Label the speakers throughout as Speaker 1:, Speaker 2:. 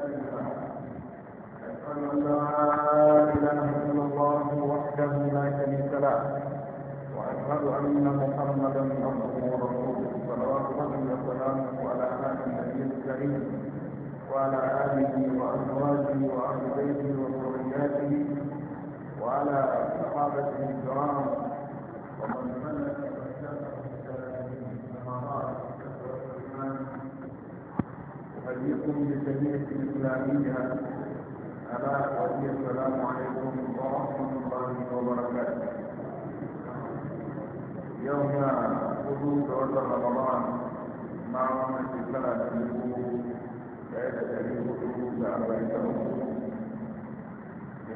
Speaker 1: أشهد أن لا إله إلا الله وحده لا شريك له وأشهد أن محمدا عبده ورسوله صلوات الله وسلامه على هذا النبي الكريم وعلى آله وأزواجه وأهل بيته وذرياته وعلى صحابته الكرام ومن سلك يكون لجميع إسلامية ألا وهي السلام عليكم ورحمة الله وبركاته يوم حدود عذر رمضان مع رحمة الله تنبوه ليلة تنبوه حدود أربعين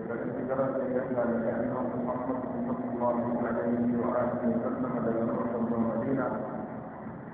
Speaker 1: فإن درس إلا لأنه محمد صلى الله عليه وآله وسلم لم يرحم المدينة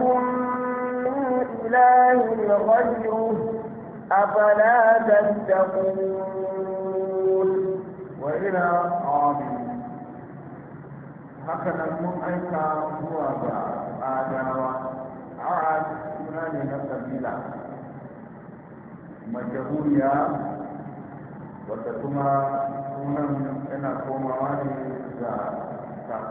Speaker 2: لكم من إله غيره أفلا تتقون
Speaker 1: وإلى آمين هكذا المنعك هو آدم عاد سنان سبيلا مجهوليا وتكما sunan yana أنا ne ga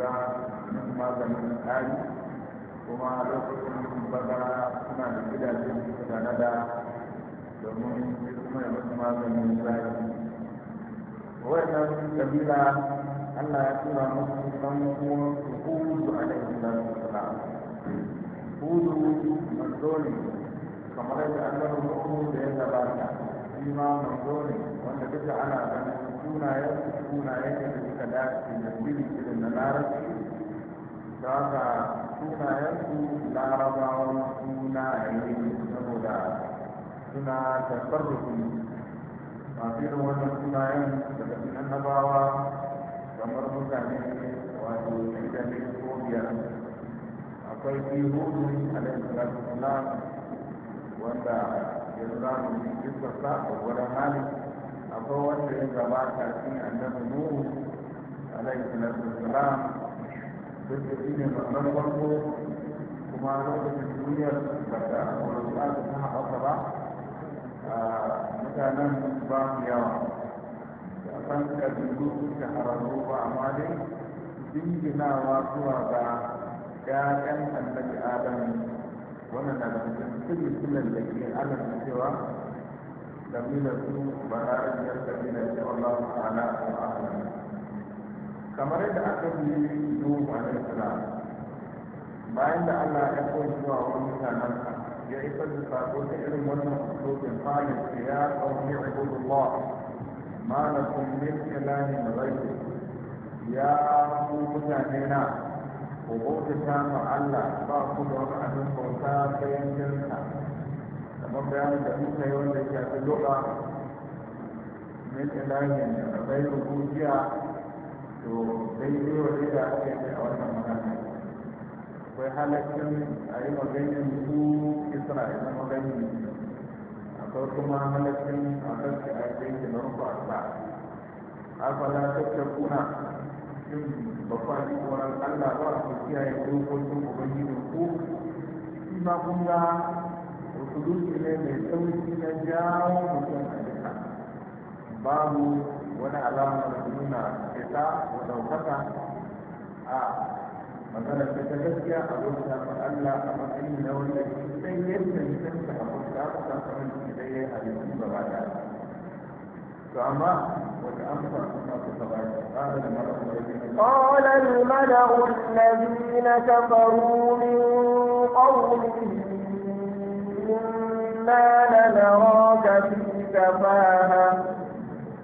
Speaker 1: shiga nan maganin ƙari kuma lokacin baza suna da gidajen suka tanada domin kuma da masu maganin ƙari wannan kabila allah ya tura musu ɗan uwan hudu a laifin da su sala hudu manzo kamar yadda an gano da ya gabata shi ma manzo wanda duka ana ganin sunayen su sunayen da suka dace da biri irin na larabci da haka sunayen su larabawan sunaye saboda suna da su masu irin wannan sunayen daga cikin annabawa kamar mutane wato shida ne ko biyar akwai ihudu alaihi salatu wasalam wanda ya zama mai yi sa a wurin halin akwai wanda ya gabata shi annabi nuhu alaihi salatu wassalam duk da shi ne babban farko kuma lokacin duniyar ba ta ƙwararwa ta ta haɓaka ba mutanen ba mu yawa da san ƙabilu da hararru ba amma dai jinginawa zuwa ga ƴaƴan annabi adam wannan na da mutum cikin sunan da ke alaƙa cewa قبيلة بهائم القبيلة والله تعالى أعلم kamar yadda aka yi Nuhu alaihi salam bayan da Allah ya kai zuwa wani mutanen ya isa da sako da irin wannan usulin halin da ya a kauni ibudullah ma lakum min da rai? ya ku mutane na ko bauta ma Allah ba ku da wani abin bauta bayan jinsa kamar da muka yi wanda ya fi loka min ilahin bai rubuciya to yi wa da ake yi a wannan magana akwai halakin a yi maganin su isra'ila maganin akwai kuma halakin a kansu a yi da rufa ba afala tattakuna shin ba cikin babban tsoron allah ba su kiyaye dokokin ubangijin ku shi ma kun ga وسلوك ne mai sauki na jawo mutum a babu wani alama da nuna ita wa ɗaukaka a magana ta ta gaskiya a bauta ma Allah a matsayin na wanda sai yadda mutum to amma kuma ku ta
Speaker 2: قال الملأ الذين كفروا من قومه إنا لنراك في سفاهة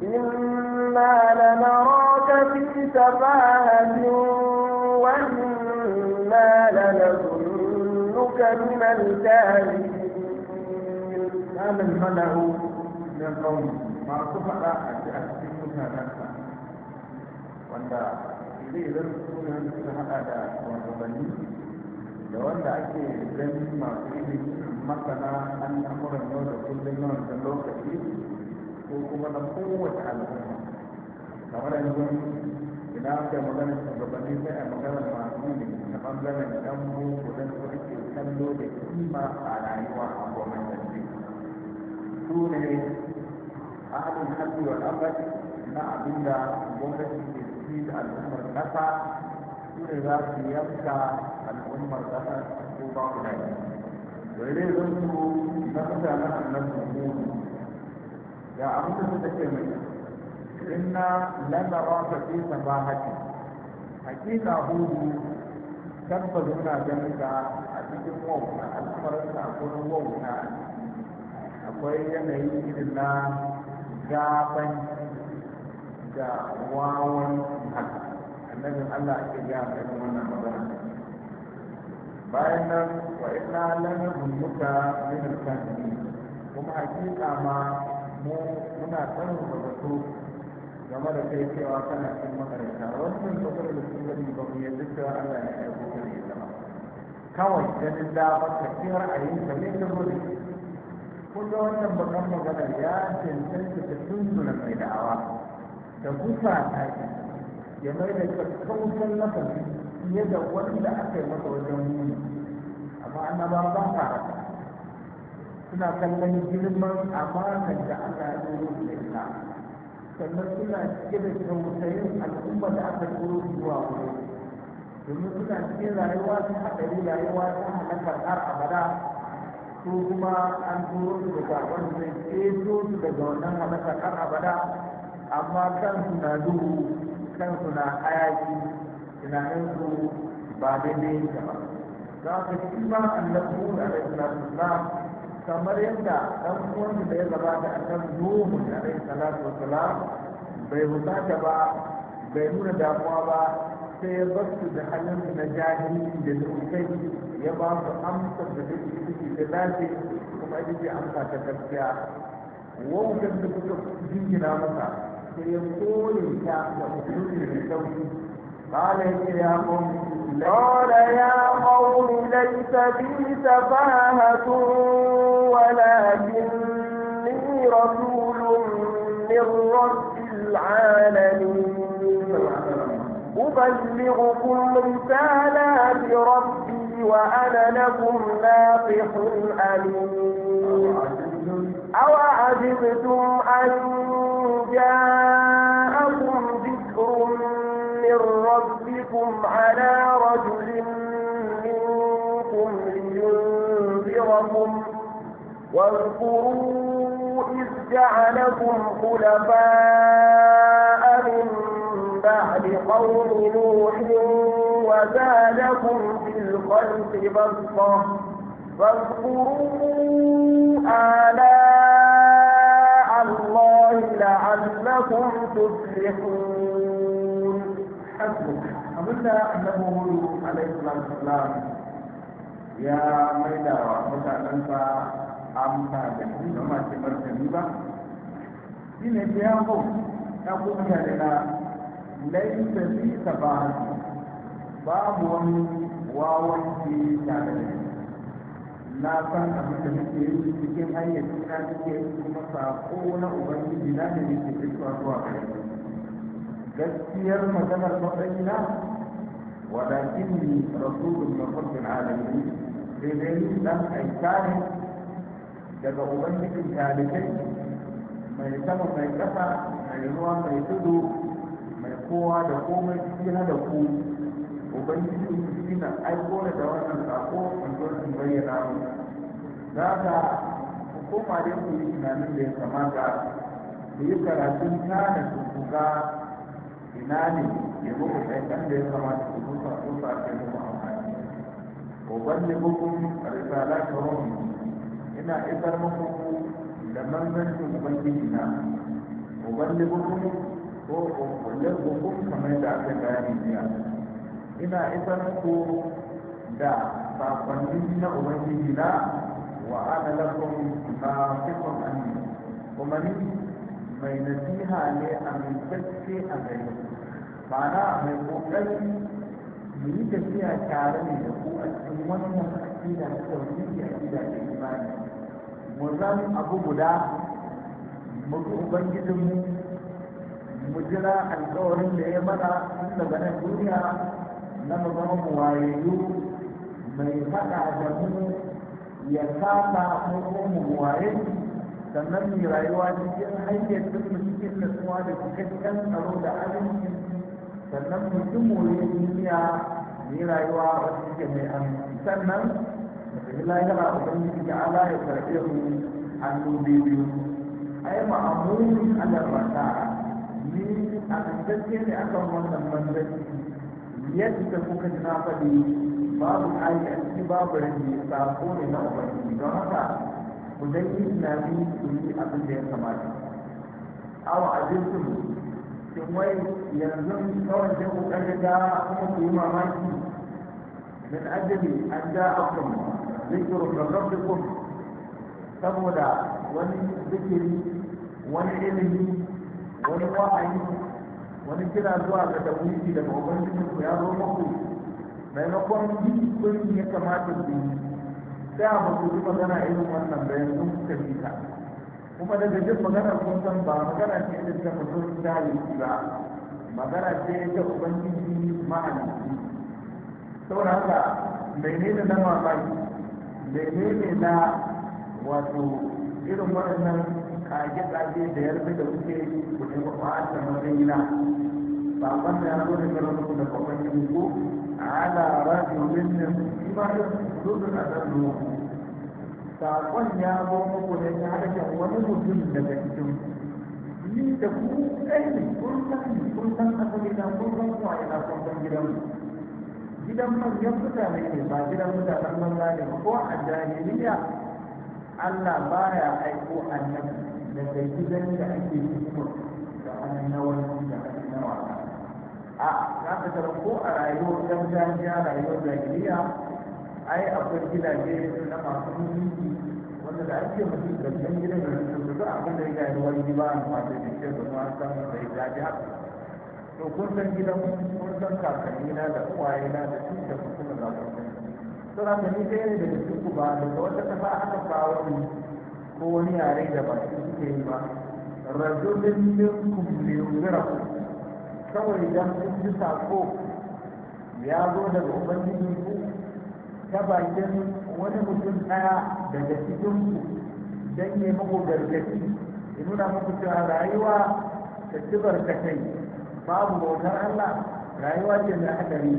Speaker 2: إنا لنراك في سفاهة وإنا لنظنك من الكاذبين قال الملأ
Speaker 1: من قومه ما صفأ أجأتهم mutanensa wanda zai zarfi sunan da wanda ake gani masu ilimin masana an amuran yau da kullum yau da lokaci ko kuma na kowace al'umma kamar yanzu ina aka magana shugabanni sai a magana masu ilimi na bangaren dan boko dan su ake kallo da kima a rayuwa a gwamnatance su ne ahalin hajji wa na abinda gwamnati ke ci da al'ummar kasa su za su yanka al'ummar ƙasar ko ba ku da wani zan su na mutanen annan mummuni ya abin da suka mai inna lallaba ka fi sabahati hakika hudu tabbas muna ganin ka a cikin wauna al'amarin ka gurin wauta akwai yanayi irin na gaban da wawan haka annabin Allah ake gaya a irin wannan magana bayan nan wa inna lana hunnuka min al kafiri kuma hakika ma mu muna tsarin da game da kai cewa kana cin makaranta wannan tsakurar da sun gani ba mu yadda cewa Allah ya aiko ka ne ba. kawai ganin damar ka kiyar a yin ka ne da gudu kullum wannan bakan magana ya cancanta ta tunzura mai da'awa da kusa ta ya mai da kakkausan lafafi fiye da wanda aka yi masa wajen muni amma annaba ba sa haka suna kallon girman amanar da Allah ya zo da ita sannan suna cike da tausayin al'umma da aka zo zuwa wuri domin suna cikin rayuwa ta haɗari rayuwa ta halakar har abada su kuma an turo su da zaɓen zai ceto su daga wannan halakar har abada amma kan suna duhu kansu na hayaki tunaninsu ba daidai yake ba za su shi ba annabi a rai salatu wasalam kamar yadda dan uwansa da ya kan nomu da rai salatu salam bai husata ba bai nuna damuwa ba sai ya bar su da hannun na jahili da zukai ya ba su amsa da duk suke da lafi kuma ita ce amsa ta gaskiya wau da suka jingina masa في
Speaker 2: قال يا قوم قال يا قوم ليس بي سفاهة ولكني رسول من رب العالمين أبلغكم رسالات ربي وأنا لكم ناصح أليم أوعجبتم أن جاءكم ذكر من ربكم على رجل منكم لينذركم واذكروا إذ جعلكم خلفاء من بعد قوم نوح وزادكم في الخلق بسطة فاذكروا آلاء لعلكم تفلحون حسبك أمنا أنه عليه الصلاة والسلام
Speaker 1: يا ميدا متعلمك amsa da shi da masu ba shi ne ta yanko ta kuma da na laifin fi ta ba babu wani wawanci da shi na san abin da nake yi cikin hanyar cikin nake kuma sako na ubangiji na ne nake fitowa zuwa kai gaskiyar maganar matsayina mafafin رسول sai رب العالمين dan aika ne daga ubangijin talibai mai sama mai kasa, mai ruwa mai tudu mai kowa da komai cikin da ku ubangiji shi na aiko da wannan sako in zo in bayyana mu za ka hukuma da ku yi tunanin da ya kamata ku yi karatun da su kuka ina ne ya muku ɗan da ya kamata ku duka duka a kai mu amfani da hukun risala ta rumi ina isar muku da manzancin ubangiji na ubangi hukun ko ubangi hukun kamar da aka gani biya. ina isar ko da sakonni na ubangiji na wa ana lakum nafiqun amin kuma ni mai nasiha ne amintacce a gare na mai kokari mu yi tafiya tare ne da ku a cikin wannan aƙida na tauhidi aƙida da imani mu zan abu guda mu bi ubangijinmu mu jira alƙawarin da ya mana tun daga nan duniya na mu waye mu wayayyu mai faɗa da mu ya sata mu mu waye sannan mai rayuwa cikin hanyar duk mu cikin nasuwa da cikakken tsaro da aminci sannan mu ji duniya mai rayuwa a cikin mai aminci sannan mu tafi lahira ubangiji ya ala ya karɓe mu hannu biyu ai ma'amuri a rasa ni a kan gaske ne akan wannan manzanci yadda kuka ji na faɗi babu hali a ciki babu rage sako ne na ubangiji don haka ku dan yi tunani ku yi abin da ya kamata awa abincin shin wai yanzu kawai da ku ƙarƙa kuma ku yi mamaki min ajabi an da akum zikiru da rabbikum saboda wani zikiri wani ilimi wani wa'ayi wani kira zuwa ga tawhidi daga ubangijin ku ya zo muku maimakon yi kuri ya kamata ku yi Sai a ku yi magana irin wannan bayan sun kuka yi ta kuma daga jin magana sun san ba magana ce da ta mutum dalili ba magana ce ta ubangiji ma'aniki saboda haka menene na mamaki menene na wato irin waɗannan kage-kage da ya rufe da kuke yi ku ne ba ba ta mazayina ba ban da yanzu da karon da kwakwan yin ku ala rafi wajen imanin zuwa da su ruwa zarno sakon ya zo muku ne ta harshen wani mutum daga cikin ni da ku kai ne kun san ni kun san asali na kun san kuwa ina kun san gidan gidan manyan mutane ne ba gidan mutanen banza ne ko a jahiliya Allah baya aiko annabi Da daga gidan da ake yi kuma, da annawanci da na nawa. a za ka tara ko a rayuwar gargajiya rayuwar jahiliya ai akwai gidaje na masu mulki wanda da ake mutum da gidan gidan da rikin su abin da ya gani wani ba a masu jikin da kuma san da ya gaji haka to kun san gidan kun san kakanni na da uwaye na da su da kuma da kuma to na ni ɗaya ne daga ku ba daga wata kasa aka kawo ni ko wani yare da ba shi suke yi ba rajulun minkum liyunzirakum kawai dan kun ji sako ya zo daga ubangiji ku ta bakin wani mutum ɗaya daga cikin ku dan ya muku gargaɗi ya nuna muku cewa rayuwa ta ci barkatai babu bautar Allah rayuwa ce mai hadari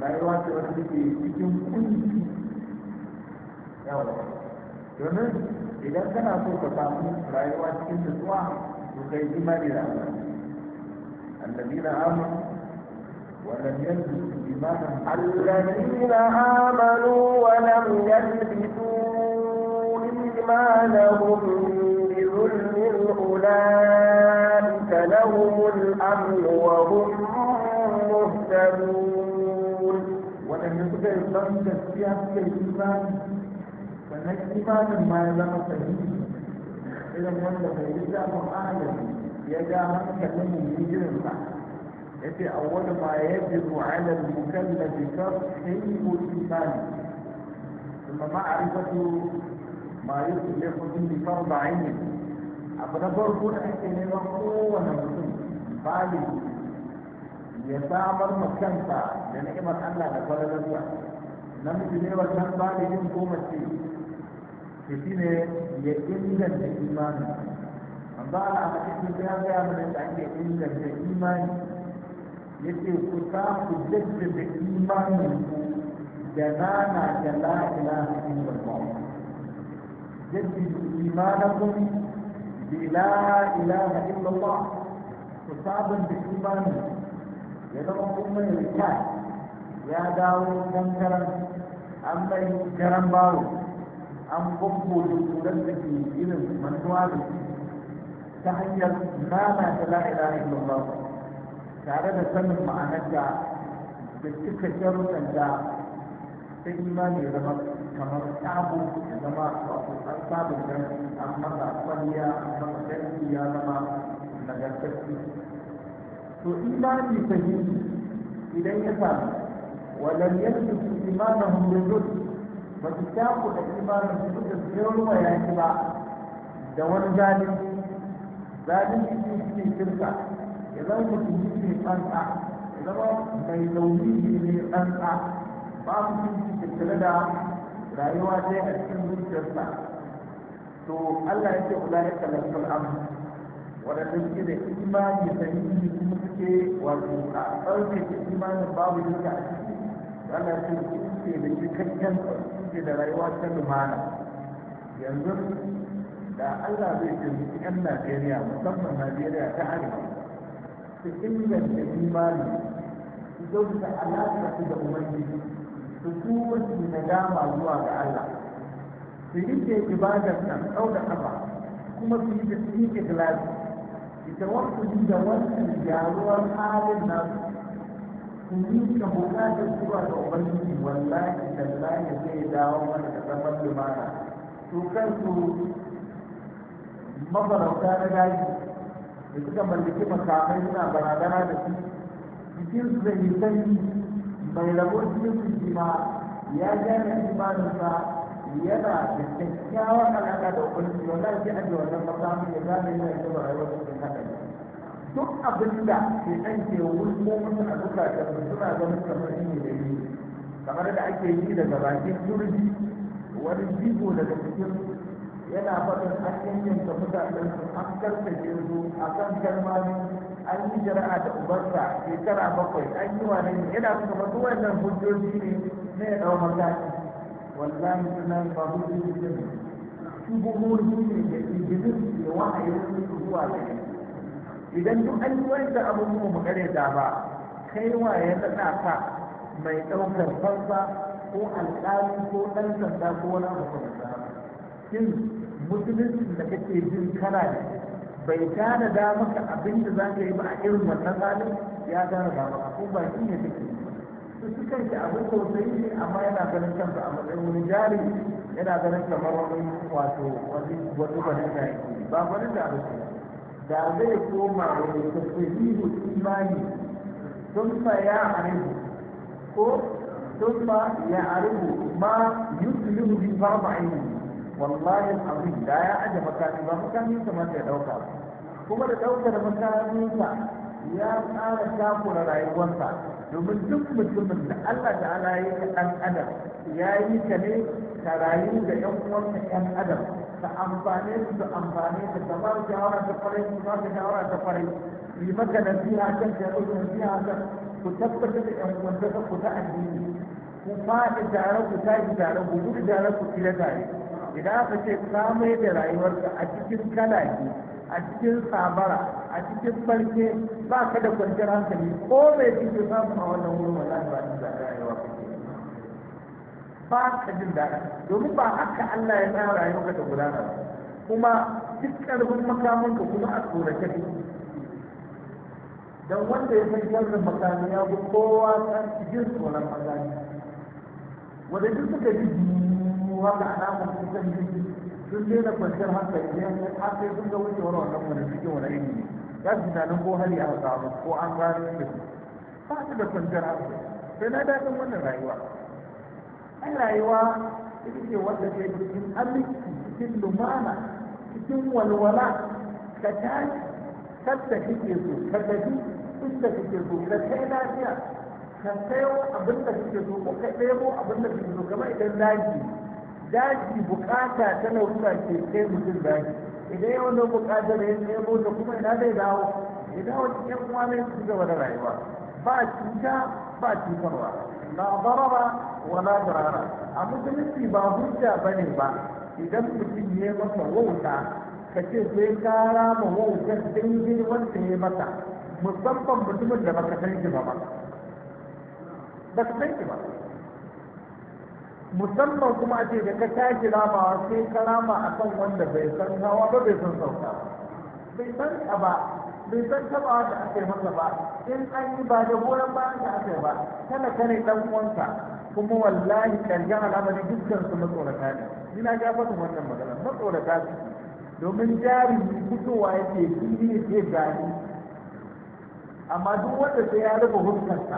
Speaker 1: rayuwa ce wata take cikin kunci yawa domin idan kana so ka samu rayuwa cikin nutsuwa to kai imani da Allah annabina amanu ولم يلبسوا إيمانهم
Speaker 2: الذين آمنوا ولم يلبسوا إيمانهم بظلم أولئك لهم الأمن وهم مهتدون ولم يكن لهم تسبيح في الإيمان
Speaker 1: sannan imanin ma ya zama sahihi irin wanda bai yi zafin ahalin ya ga hankalin mummunin sa ya ce awwal ma yajibu ala al-mukallafi tafhimu al-imani ثم معرفة ما يصلح به فرض عين abu na farko da ake neman kowane mutum bali ya samar ma kansa da ni'imar Allah da kwararar namiji ne wannan balibin ko mace to shi ne ya inganta imani amma ana cikin ya gaya mana da ake inganta imani ya ce ku sa ku jaddada imanin ku da nana da la ilaha illallah jaddada imanakum bi la ilaha illallah ku sabunta imani ya zama kuma ya ya dawo kankaran an bai garan bawo an bambanta turan da ke irin mantuwa da ta hanyar nana ta la'ila illallah tare da sanin ma'anarta da cika sharuɗan da ta imani ya zama kamar tabo ya zama wato an sabon dan an masa kwalliya an masa danki ya zama nagartacci to imani sahihi idan ya samu ولم يسلك إيمانهم بالرشد ba su da imanin su suka ruwa ya ba da wani zalunci zalunci shi ne shirka ya zama mutum ne tsanta ya zama mai launi ne tsanta ba mu shi tattare da rayuwa dai a cikin zuciyarsa to Allah ya ce kula ya kalafin al'amu waɗanda suke da imani yi kuma suke wato a da imanin babu duka a ciki Allah ya ce suke da cikakken tsarki muke da rayuwa ta lumana yanzu da allah zai taimaki 'yan najeriya musamman najeriya ta arewa su inganta imani su da alaƙa su da ubangiji su tuba su nadama zuwa ga allah su rike ibadar nan ɗau da ƙafa kuma su yi da su yi ita wasu da wannan gyaruwar halin nasu sun yi ka bukatar zuwa ga ubangiji wallahi zai dawo mana da zaman lumana kansu mafarauta na daji da suka mallaki makamai suna barazana da su jikinsu zai sanyi mai rabo cikin su ya gane imaninsa yana da kyakkyawan alaƙa da ubangiji wallahi sai an wannan ya yana da rayuwar cikin haka duk abin da ke ɗan ke wulko musu a dukkan suna ganin kamar shi ne da yi kamar da ake yi daga bakin turbi wani jigo daga cikin yana faɗin an yanyanka mutanen su an karkace su a kan kalmami an yi jara'a da ubarsa shekara bakwai an yi wane ne yana suka faɗi wannan hujjoji ne na ya ɗau mataki wallahi suna ba hujjoji ne shubuhohi ne da injinin da wahayin su zuwa da idan duk an yi wani da abubuwan mu kare da ba kai wa ya mai ɗaukar farfa ko alƙali ko ɗan sanda ko wani abu kuma shin musulunci da kake jin kana ne bai tana da maka abin da za ka yi ba a irin wannan tsari ya tana da maka ko ba shi ne take su suka yi abin sosai ne amma yana ganin kansa a matsayin wani jari yana ganin kamar wani wato wani wani wani da yake ba wani da abin da zai koma wani tasirihu imani sun saya a rai ko ya arihu ma يسلم bi farba'in wallahi alazim da ya aje مكاني ba makamin sa ma sai dauka kuma da daukar makamin sa ya fara takura rayuwarsa domin duk mutumin da Allah ta ya yi dan adam ya yi ka ne ka rayu da ƴan uwanka ƴan adam ka amfane su da amfane su ka ba shawara ta kwarai su ba shawara ta kwarai yi maka nasiha kan ka yi nasiha kan ku tabbatar da yan uwantaka ku ta addini ku faɗi tare ku tashi tare ku gudu tare ku fila tare idan aka ce samai da rayuwarka a cikin kalaki a cikin sabara a cikin farke ba ka da kwanciyar hankali ko mai cikin samun a wannan wurin ba ta ka ba da rayuwa ba ka jin daɗi domin ba haka Allah ya tsara rayuwarka da gudana kuma duk ƙarfin makamanka kuma a tsorace don wanda ya san sharrin makami ya bi kowa san jin tsoron makami wanda duk suka ji haka alamun sun san jin sun na kwanciyar hankali ne har sai sun ga wucewar wannan wani cikin wani ilimi ne za su tunanin ko hali a samu ko an gano da su ba su da kwanciyar hankali sai na daɗin wannan rayuwa An rayuwa ita ce wanda ke cikin aminci cikin lumana cikin walwala ka tashi kar ta kike so ka tafi inda kake so ka kai lafiya ka sayo abinda da kake so ko ka ɗebo abin da kake so kamar idan daji daji bukata ta larura ke kai mutum daji idan yawan da bukata da ya ɗebo da kuma ina zai dawo ya dawo cikin kuma ne su gaba da rayuwa ba cuta ba cutarwa na barara wa na barara a musulunci ba hujja ba ne ba idan mutum ya masa wauta ka ce sai ka rama wautar dangin wanda ya yi masa musamman mutumin da baka san shi ba ba baka san shi ba musamman kuma a ce da ka tashi ramawa sai ka rama a kan wanda bai san hawa ba bai san sauka bai san ka ba bai san tabawa wata aka yi masa ba in an yi ba da goron ba da ake ba kana kane dan uwansa kuma wallahi ƙarshen al'amari dukkan su matsorata ne ina ga faɗin wannan magana matsorata su domin jari fitowa yake fili ya ke gani amma duk wanda sai ya rufe hukunta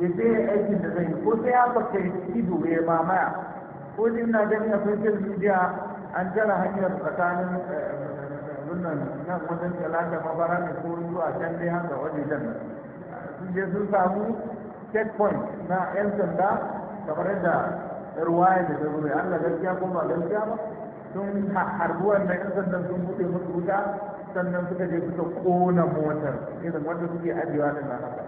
Speaker 1: ya je ya aikin da zai ko sai ya baka ido ya mamaya ko jin na gani a social media an jara hanyar tsakanin wannan eh, nan wajen talata mabara ne ko zuwa can dai haka waje jan sun je sun samu checkpoint na yan sanda kamar yadda ruwaya da ta zuwa Allah gaskiya ko ba gaskiya ba sun harbuwan na yan sandan sun buɗe musu wuta sannan suka je suka kona motar irin wanda suke ajiyewa din na haka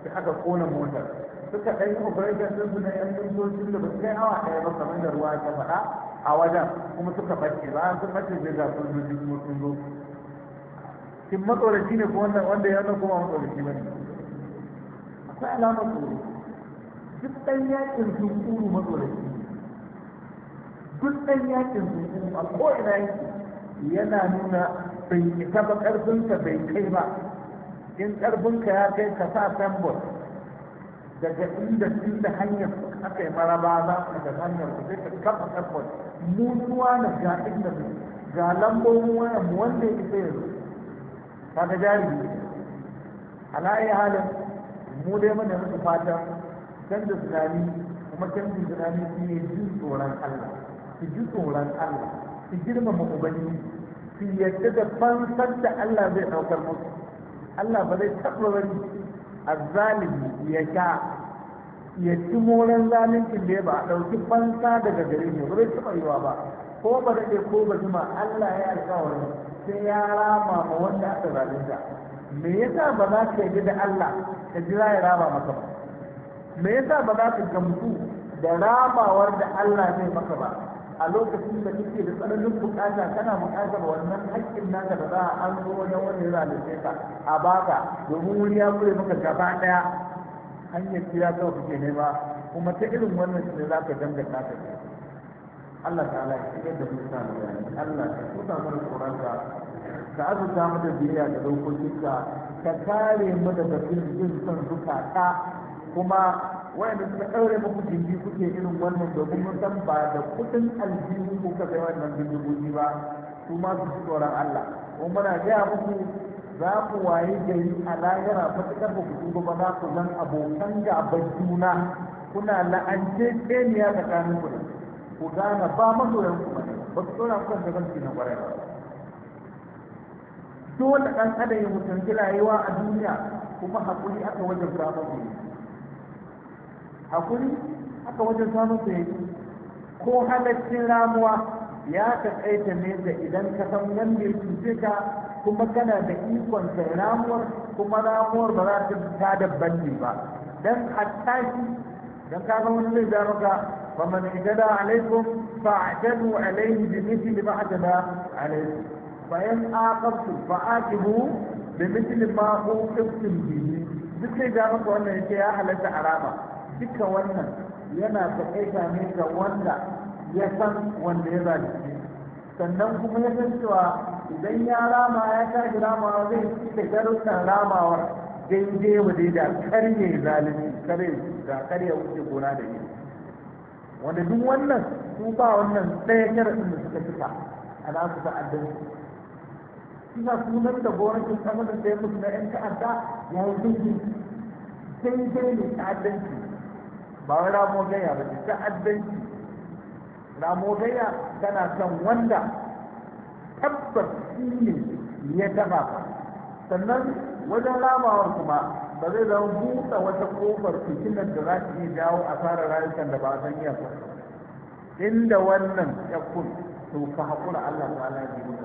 Speaker 1: su aka kona motar suka ɗan yi operation sun suna yan mintocin da ba su kai awa ɗaya ba kamar da ruwa ta faɗa a wajen kuma suka bace ba sun bace zai zafi sun zo cikin sun zo kin matsoraci ne ko wannan wanda ya nuna kuma matsoraci ba ne akwai alamar tsoro duk ɗan yakin sun kuru matsoraci duk ɗan yakin sun kuru a ko'ina yake yana nuna bai ita ba ƙarfinsa bai kai ba in ƙarfinka ya kai ka sa tambur daga inda da hanyar aka yi maraba za su da hanyar ku sai ka kafa tambur mutuwa na ga inda su ga lambobin wayan mu wanda ya isa yanzu ga jari ala ayi halin mu dai mana yanzu fata canza tunani kuma canjin tunani shi ne jin tsoron Allah su ji tsoron Allah su girmama ubangiji su yadda da fansar da Allah zai ɗaukar musu Allah ba zai taɓa wani zalibi ya sha ya ci moran zalincin da ya ba a ɗauki fansa daga gare ne ba zai taɓa yiwa ba ko ba daɗe ko ba jima Allah ya alƙawarin sai ya rama ma wanda aka zalunta me yasa ba za ka yi da Allah ka jira ya rama maka ba me yasa ba za ka gamsu da ramawar da Allah zai maka ba a lokacin da kake da tsananin bukata kana bukatar wannan haƙƙin naka da za a an zo wani wani zalunce ka a baka domin wuri ya kure maka gaba ɗaya hanyar ya kawai kake nema kuma ta irin wannan ne za ka danganta ka ke Allah ta ala shi da musa da bayani Allah ka tuta mana tsoronka ka azurta mu da biyayya da dokokinka ka kare mu daga bin son zukata kuma wanda suka ɗaure muku jirgi kuke irin wannan domin mun san ba da kuɗin aljihu ka kai wannan bindigogi ba su ma su ci tsoron Allah kuma muna gaya muku za ku waye gari a lahira matuƙar ba ku tuba ba za ku zan abokan gaban juna kuna la'ance tseniya tsakanin ku ku gane ba masoyan ku ba ba su tsoron ku da banki na kwarai ba dole ɗan adam ya mutunci rayuwa a duniya kuma haƙuri aka wajen samun ku hakuri haka wajen samun sa yake ko halaccin ramuwa ya taƙaita ne da idan ka san wanda ya cuce ka kuma kana da ikon ta ramuwar kuma ramuwar ba za ta ta dabbanci ba dan hatta shi dan ka ga wani zai ja maka fa man itada alaikum fa'tadu alaihi bi mithli ma atada alaikum fa in aqabtu aqibu bi mithli ma uqibtum bihi duk sai ja maka wannan yake ya halatta arama duka wannan yana taƙaita ne ga wanda ya san wanda ya zalunce sannan kuma ya san cewa idan ya rama ya tashi ramawa zai ci da darussan ramawar daidai dai da karye zalunci kare da karye wuce gona da yi wanda duk wannan su ba wannan ɗaya sharaɗin da suka cika a za su ta'addanci suna sunan da gwamnatin kamarin da ya mutu na 'yan ta'adda ya yi daidai daidai ne ta'addanci ba wai ramo ba ce ta'addanci ramo tana kan wanda tabbas shi ya taba sannan wajen ramawar kuma ba zai zama buɗe wata ƙofar fitinar da za ta iya jawo asarar rayukan da ba a san iya ba inda wannan ya kun to ka haƙura Allah ta ala ji muka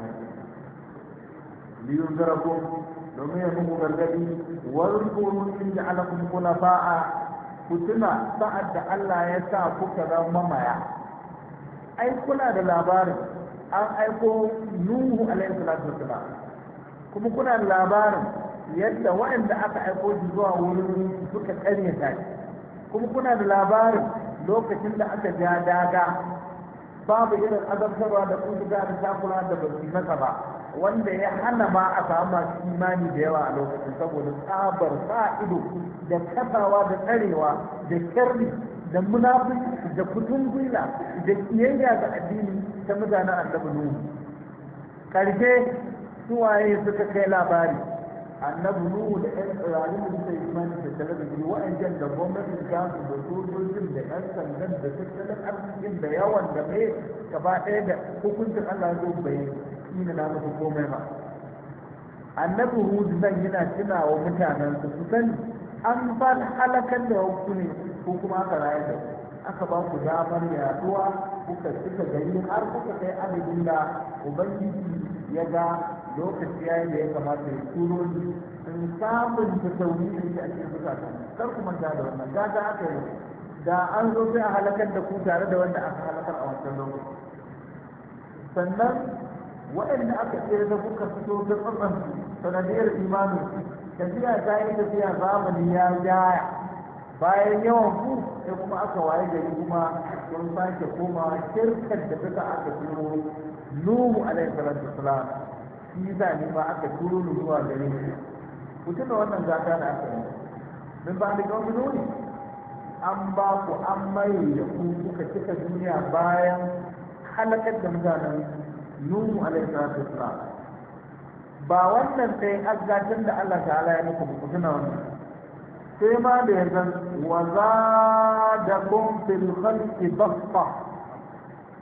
Speaker 1: biyun zarafu domin ya muku gargadi warkuru inda kuma kuna a ku tuna sa'ad da Allah ya sa kuka zama mamaya ai kuna da labarin an aiko Nuhu alayhi salatu wasalam kuma kuna da labarin yadda waɗanda aka aiko shi zuwa wurin suka ƙaryata kuma kuna da labarin lokacin da aka ja daga babu irin azabtarwa da shiga da takura da ba su masa ba wanda ya hana ma a samu masu imani da yawa a lokacin saboda tsabar sa ido da kasawa da tsarewa da kyarri da munafiki da kutun gwila da kiyayya ga addini ta mutanen annabi nuhu karshe suwaye suka kai labari annabi nuhu da yan tsirarin da suka yi imani da talabijin wa'ancan da gwamnatin gasu da sojojin da yan sandan da tattalin arzikin da yawan da mai gaba ɗaya da hukuncin allah zo bai ina na musu komai ba annabi hud nan yana tuna wa mutanen su su sani an ba halakar da ku ne ko kuma aka rayar da ku aka ba ku damar yaduwa kuka cika gari har kuka kai adadin da ubangiji ya ga lokaci ya yi da ya kamata ya turo ni in samun da sauri da a cikin zukata kar kuma manta da wannan da ta aka yi da an zo sai a halakar da ku tare da wanda aka halakar a wancan lokaci sannan waɗanda aka tsere da kuka fito ta tsantsan sanadiyar imanin tafiya ta yi tafiya zamani ya jaya bayan yawan ku sai kuma aka waye gari kuma sun sake koma shirkar da suka aka turo nuhu alaihi salatu wasalam shi yasa ne ba aka turo ni zuwa gare shi ku tuna wannan gata da aka yi min ba da gwamnoni an ba ku an mai da ku suka cika duniya bayan halakar da mutanen nuhu alaihi salatu wasalam ba wannan sai azgacin da Allah ta'ala ya muku ku tuna wannan sai ma da yanzu wa da fil khalqi basta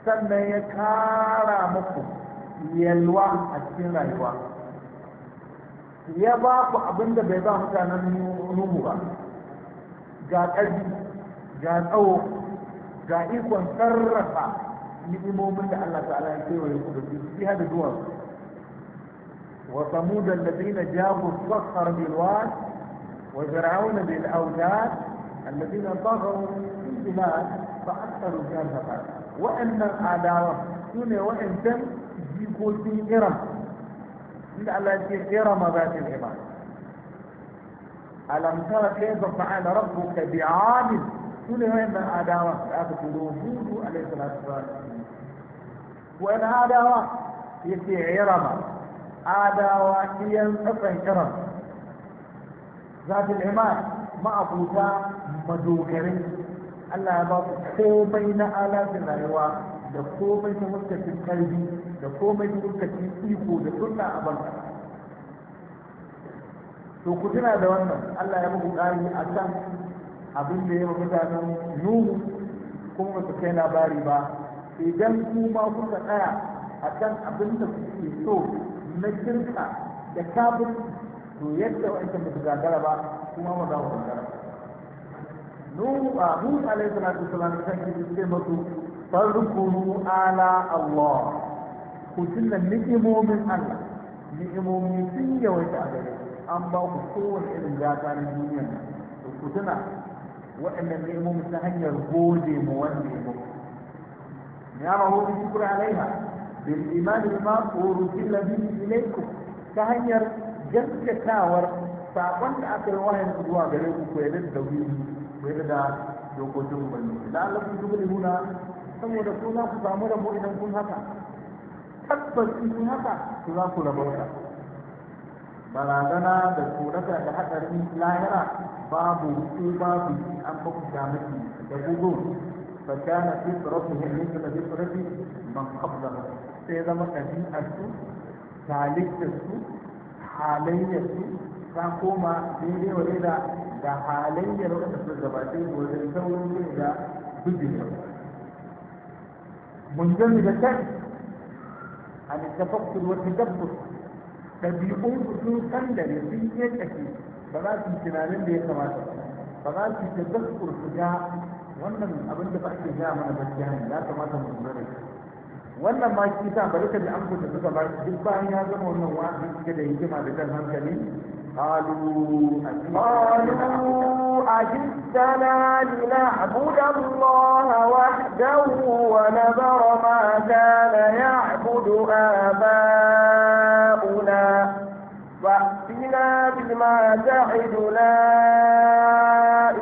Speaker 1: sannan ya kara muku yalwa a cikin rayuwa ya ba ku abin da bai ba mutanen nuhu ba ga ƙarfi ga tsawo ga ikon sarrafa ni'imomin da Allah ta'ala ya kewaye ku da su su hada duwatsu wa samud alladhina jabu sakhar bil wad wa fir'auna bil awtad alladhina taghaw fil bilad fa aktharu jahaqa wa anna adawa sune wa'antum jikokin iram inda Allah ya ce irama za ta yi alam tara da fa'ala rabbuka bi'adin sune wayannan adawa da aka turo hudu alaihi salatu wa wani adawa ya ce irama adawa iyan tsatsan iram zatul imar ma'abuta madogarai Allah ya ba ku komai na alatin rayuwa da komai ta fuskacin karbi da komai ta fuskacin iko da suna a banka to ku tuna da wannan Allah ya muku ƙari a kan abin da ya mutanen nuhu kuma ba su kai labari ba idan kuma kuka tsaya a kan abin da kuke so na kirka da kafin to yadda wa'ancan ba su gagara ba kuma ba za mu gagara nuhu a nuhu alaihi salatu wasalam kan kiri fadhkuru ala Allah ku tunna ni'imomin Allah ni'imomi sun yawaita a gare an ba ku kowane irin gata na duniyar to ku tuna waɗannan ni'imomi ta hanyar gode mu wanda ya muku ya ma hu shukr alaiha bil iman bima ursila bihi ilaykum ta hanyar gaskatawar sakon da aka yi zuwa gare ku ku da da dokokin saboda ko za ku samu rabo idan kun haka tabbas in kun haka ku za ku rabauta barazana da tsorata da hadarin lahira babu ko babu an ba ku shamaki da gugu fakana fitratu hin min da fitrati man qablahu sai zama ɗabi'ar talik da su halayyar su ta koma daidai wa da halayyar wanda su gabatar da wani saurin da bijin منجمدة عن التفكر والتدبر ɗabi'un sun san da ne sun yi ƙashi ba za su tunanin da ya kamata ba za su ta zaskur su ga wannan abin da ba ake ga mana gaskiya ne ya kamata mu lura da shi wannan ma shi sa bari ka ji an da suka ba duk bayan ya zama wannan wa'azi cike da hikima da jan hankali قالوا
Speaker 2: قالوا أجدنا لنعبد الله وحده ونذر ما كان يعبد آباؤنا فأتنا بما تعدنا إن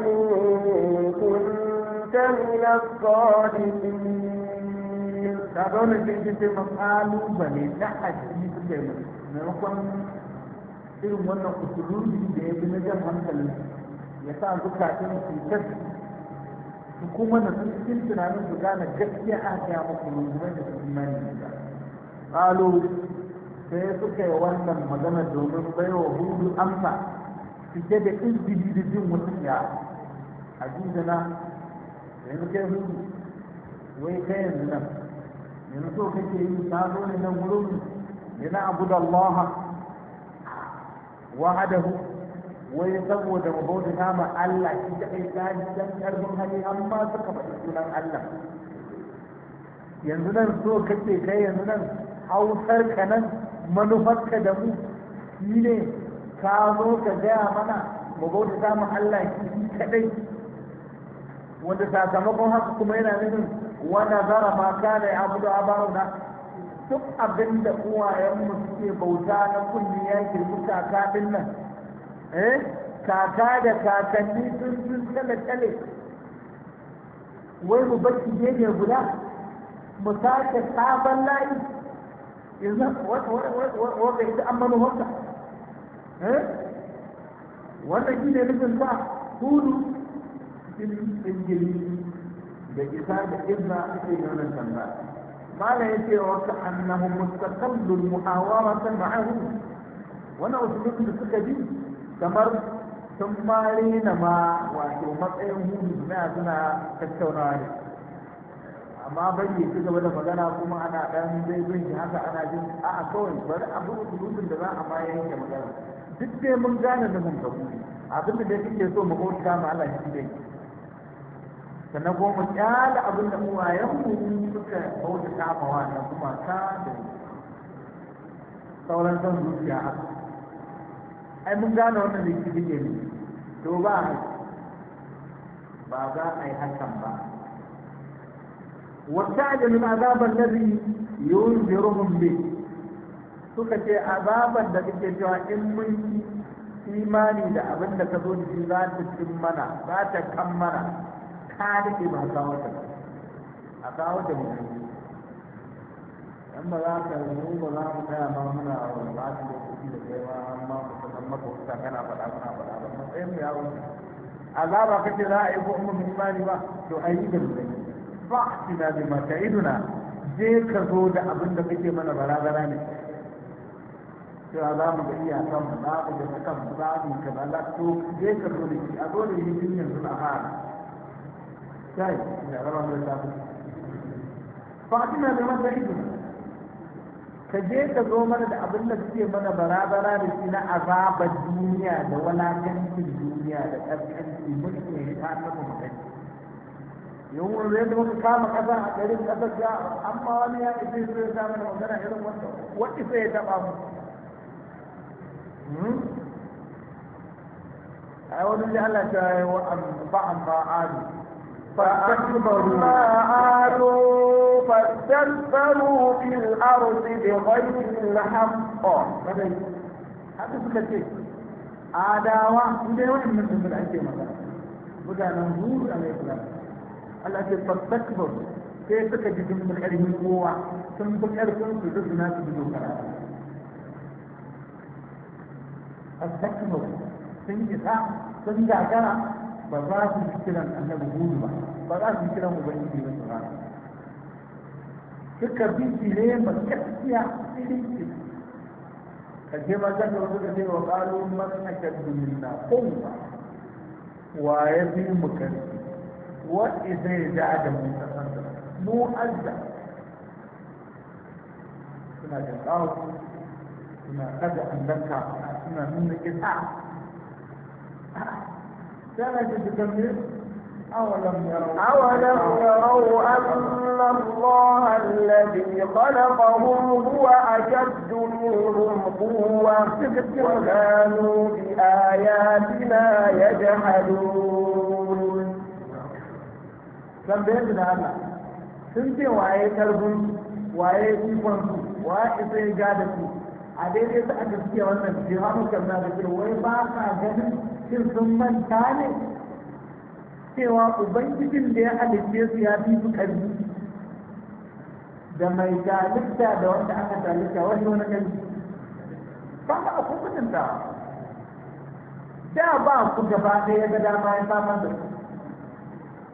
Speaker 2: كنت من الصادقين da dole sai ce
Speaker 1: makalubale irin wannan usulubi da ya fi na jan hankali ya sa zukatun su tas su kuma na sun cikin tunanin su gane gaskiya a ga muku rungume da su imani ba. ƙalo sai suka yi wannan magana domin bai wa hudu amsa fice da izbili da jin wasu ya azizana yanzu kai hudu wai kai yanzu nan yanzu so kake yi ta zo ne nan gurin yana abu da Allah wahadahu wai saboda mu bauta ma Allah shi kadai tsari dan karfin hali amma suka faɗi sunan Allah yanzu nan so kace kai yanzu nan hausar ka nan manufarka da mu shi ne ka zo ka gaya mana mu bauta ma Allah shi kadai wanda sakamakon haka kuma yana nufin wa nazara ma kana ya abudu abaruna duk abin da uwayenmu suke bauta na kulliyar kirku kaka din nan eh kaka da kakanni sun sun tsale tsale wai mu bacci ne guda mu sake sabon layi yanzu wata ita an mana wata eh, wanda shi ne nufin sa hudu cikin ingili da isa da izna ake yi wannan tambaya قال يتي وكأنه مستقل المحاورة معه وانا أسلوب لسكة kamar sun ma na ma wato matsayin hudu na suna tattaunawa ne amma bari ya ci gaba da magana kuma ana dan zai bin shi ana jin a'a kawai bari a bi usulun da za a ma yanke magana duk dai mun gane da mun gabu abin da dai kike so mu bauta ma Allah shi dai sannan kuma mu kyala abin da uwayenmu suka bauta kamawa da kuma ta da sauran san zuciya haka ai mun gane wannan da kike ne to ba ba za a yi hakan ba min العذاب الذي ينذرهم bi suka ce azaban da kike cewa in mun imani da abin da ka zo da shi za ta cin mana za ta kan mana ka da ke ba kawo ta a kawo ta mu dan ba za ka mu ba za mu tsaya ba muna ba ta lokaci da kai ba amma mu sanar maka wuta kana faɗa muna faɗa ba matsayin mu ya wuce azaba kace za a yi ko umma imani ba to ayi da mu fa'tina bima iduna je ka zo da abin da kake mana barazana ne cewa za mu ga iyakan mu za mu ga kan mu za mu ka da to je ka zo da shi a zo da shi yanzu zuwa fara fatima da ka je ka zo mana da abin da suke mana barabara da shi na azabar duniya da walakancin duniya da ƙarƙanci mulki ne ta taɓa magani yawon zai da muka kama ƙasa a garin ƙasar ga an wani ya ita su irin sai ya taɓa mu a wani Allah ta
Speaker 2: فأما عاد فاستكبروا في الأرض بغير الحق. هذا كل شيء. عداوة من وين من من أنت مثلا؟
Speaker 1: بدا نمزور على الإسلام. التي تستكبر كيف تجد من الحريم القوة؟ ثم تكبر في ضد الناس بدون كلام. تستكبر. تنجح تنجح كلام. ba za su yi kiran annabi gudu ba ba za su yi kiran ubangiji ba su rana suka bi ne ba gaskiya irin ka je maza da wasu da ce wa ƙalu man ashaddu minna quwwa wa ya fi mu karfi wa idai da da mu kasanta mu azza suna da tsawo suna kada annabta suna nuna kisa
Speaker 2: أولم يروا أن الله الذي خلقهم هو أشد منهم قوة وكانوا بآياتنا يجحدون كم بين هذا سنتي وعي
Speaker 1: كلبهم وعي كيفهم وعي سيجادتهم a daidai su a gaskiya wannan jihanu kan na da ke cikin sun manta ne cewa ubangijin da ya halitta su ya fi su karfi da mai galibta da wanda aka galibta wani wani karfi ba ka akwai kudinta da ba ku gaba ɗaya ga dama ya samar da su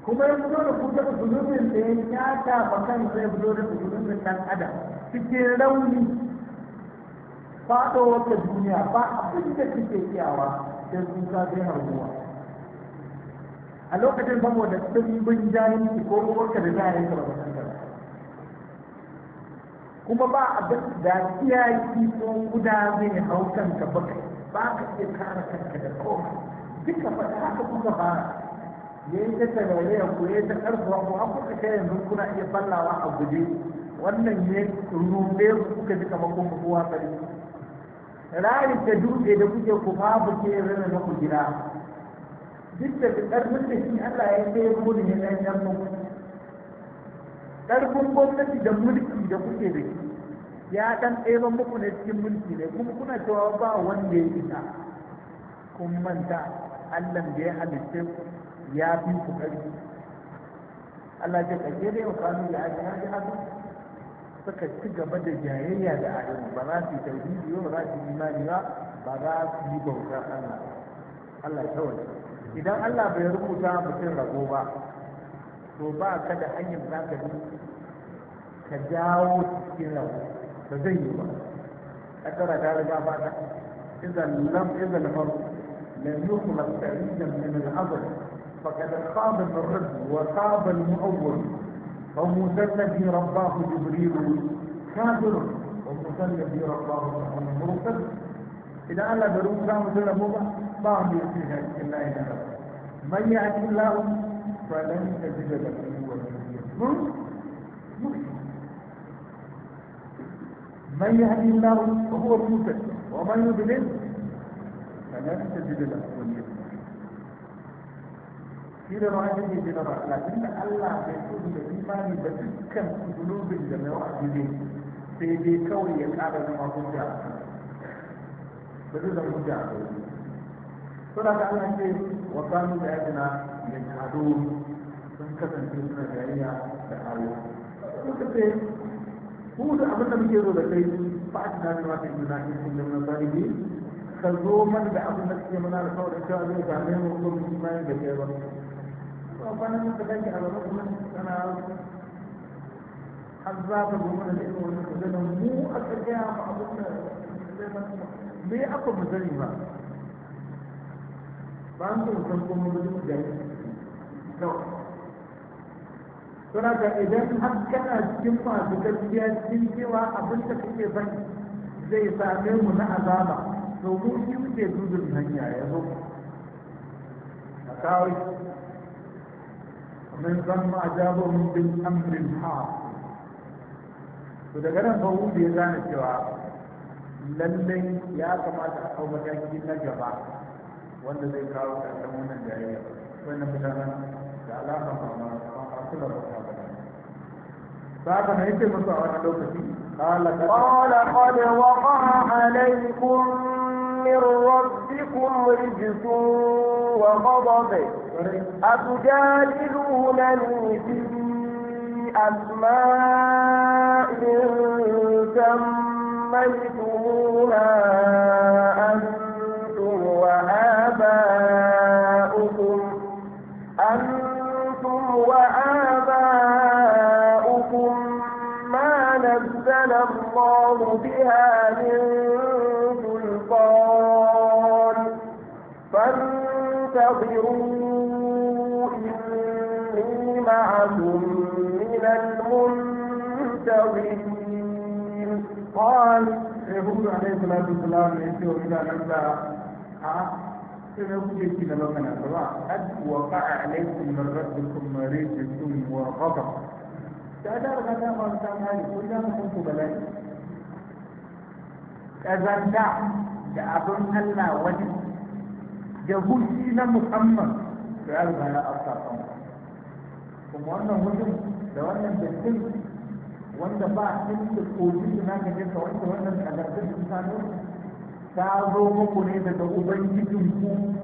Speaker 1: kuma ya fito da kuka da zunubin da ya shata ba kan zai fito da zunubin ɗan adam cikin rauni faɗowar da duniya ba abin da kike kiyawa da sun ka sai harbuwa a lokacin bin ɗimbin jahilci ko uwarka da jahilci ba san ka kuma ba abin da kiyaki ko guda zai hau kanka ba ba ka iya kara kanka da komai duka ba haka kuka fara ya yi ta tarayya ku ya ta karfa ko an kuka kai yanzu kuna iya fallawa a guje wannan ne rumbe kuka ji kamar kuma kuwa tsari rari da dutse da kuke ku babu ke rana na ku gida duk da ƙarfin da shi Allah ya kai mu ne na nan mu karfin gwamnati da mulki da kuke da shi ya dan ɗaya muku ne cikin mulki ne kuma kuna cewa ba wanda ya isa kun manta Allah da ya halitta ya fi ku ƙarfi Allah ya kace da yau kanu ya ajiyar da suka ci gaba da jayayya da ayyuka ba za su yi tauhidi ba za su yi imani ba ba za su yi bautar Allah Allah ya tawaye idan Allah bai rubuta mutum rago ba to ba ka da hanyar za ka bi ka dawo cikin rago ba zai yi ba kaddara ta riga ba ta idan lam idan har lam yukhlaq ta'idan min al fa faqad khaba al-rabb wa khaba al-mu'awwal فموسى الذي رباه جبريل كافر وموسى الذي رباه سبحانه مرسل إذا أنا بروم كان مثل موضع بعض يسيرها إلا إذا من يأتي الله فلن تجد له من يهدي الله فهو المهتد ومن يضلل فلن تجد له وليا shi da ma yake ce na ba lakin da Allah bai tudu da imani da dukkan zulubin da mai wa'azi ne sai dai kawai ya ƙara zama hujja ba zai zama hujja a kai to da Allah ce wa kanu da yadina ya tado sun kasance suna jayayya da ayo suka ce ku da abin da muke zo da kai fa'adina da wata yi na isin da wani zalibi ka zo mana da abin da suke mana da kawai da cewa zai zame mu kuma musulmani da kai ba وكان أنهم على رغم أنا حزاب الرغم الإنو ونزلهم مو أتجاع
Speaker 2: بعضنا بي
Speaker 1: أقو بزلي ما فأنتو بزنكو مبادو جاي لو ترى إذا حد كان جمع بكالبيات تنكي وأبن تكي زي زي سامير من أزابا لو مو يمكي دودل هنيا يا رب أكاوي ومن ثم أجابهم بالأمر الحار فذكرنا فهو ديزان الجواب للي يا كما أو مجاكي نجبا وانا ذي كاو تعلمون الجاية وانا مثلا جعلاها مرمى وقرصلا بكاو بعد ما يتم الصعود
Speaker 2: على قال قد وقع عليكم من ربكم رجس وغضب أتجادلونني في أسماء سميتم معكم من المنتظرين قال يقول عليه الصلاة والسلام
Speaker 1: يسير إلى نبدا سنقول لك من كان قد وقع عليكم من ربكم رجس وغضب تعالى غدا ما كان هذه كلها كنت بلاي kazanta da abin Allah wani da hulki na musamman da ya zara a sakon kuma wannan mutum da wannan dattin wanda ba a kogi da na ka jefa wanda wannan kadarta da ta ta zo muku ne daga ubangijin ku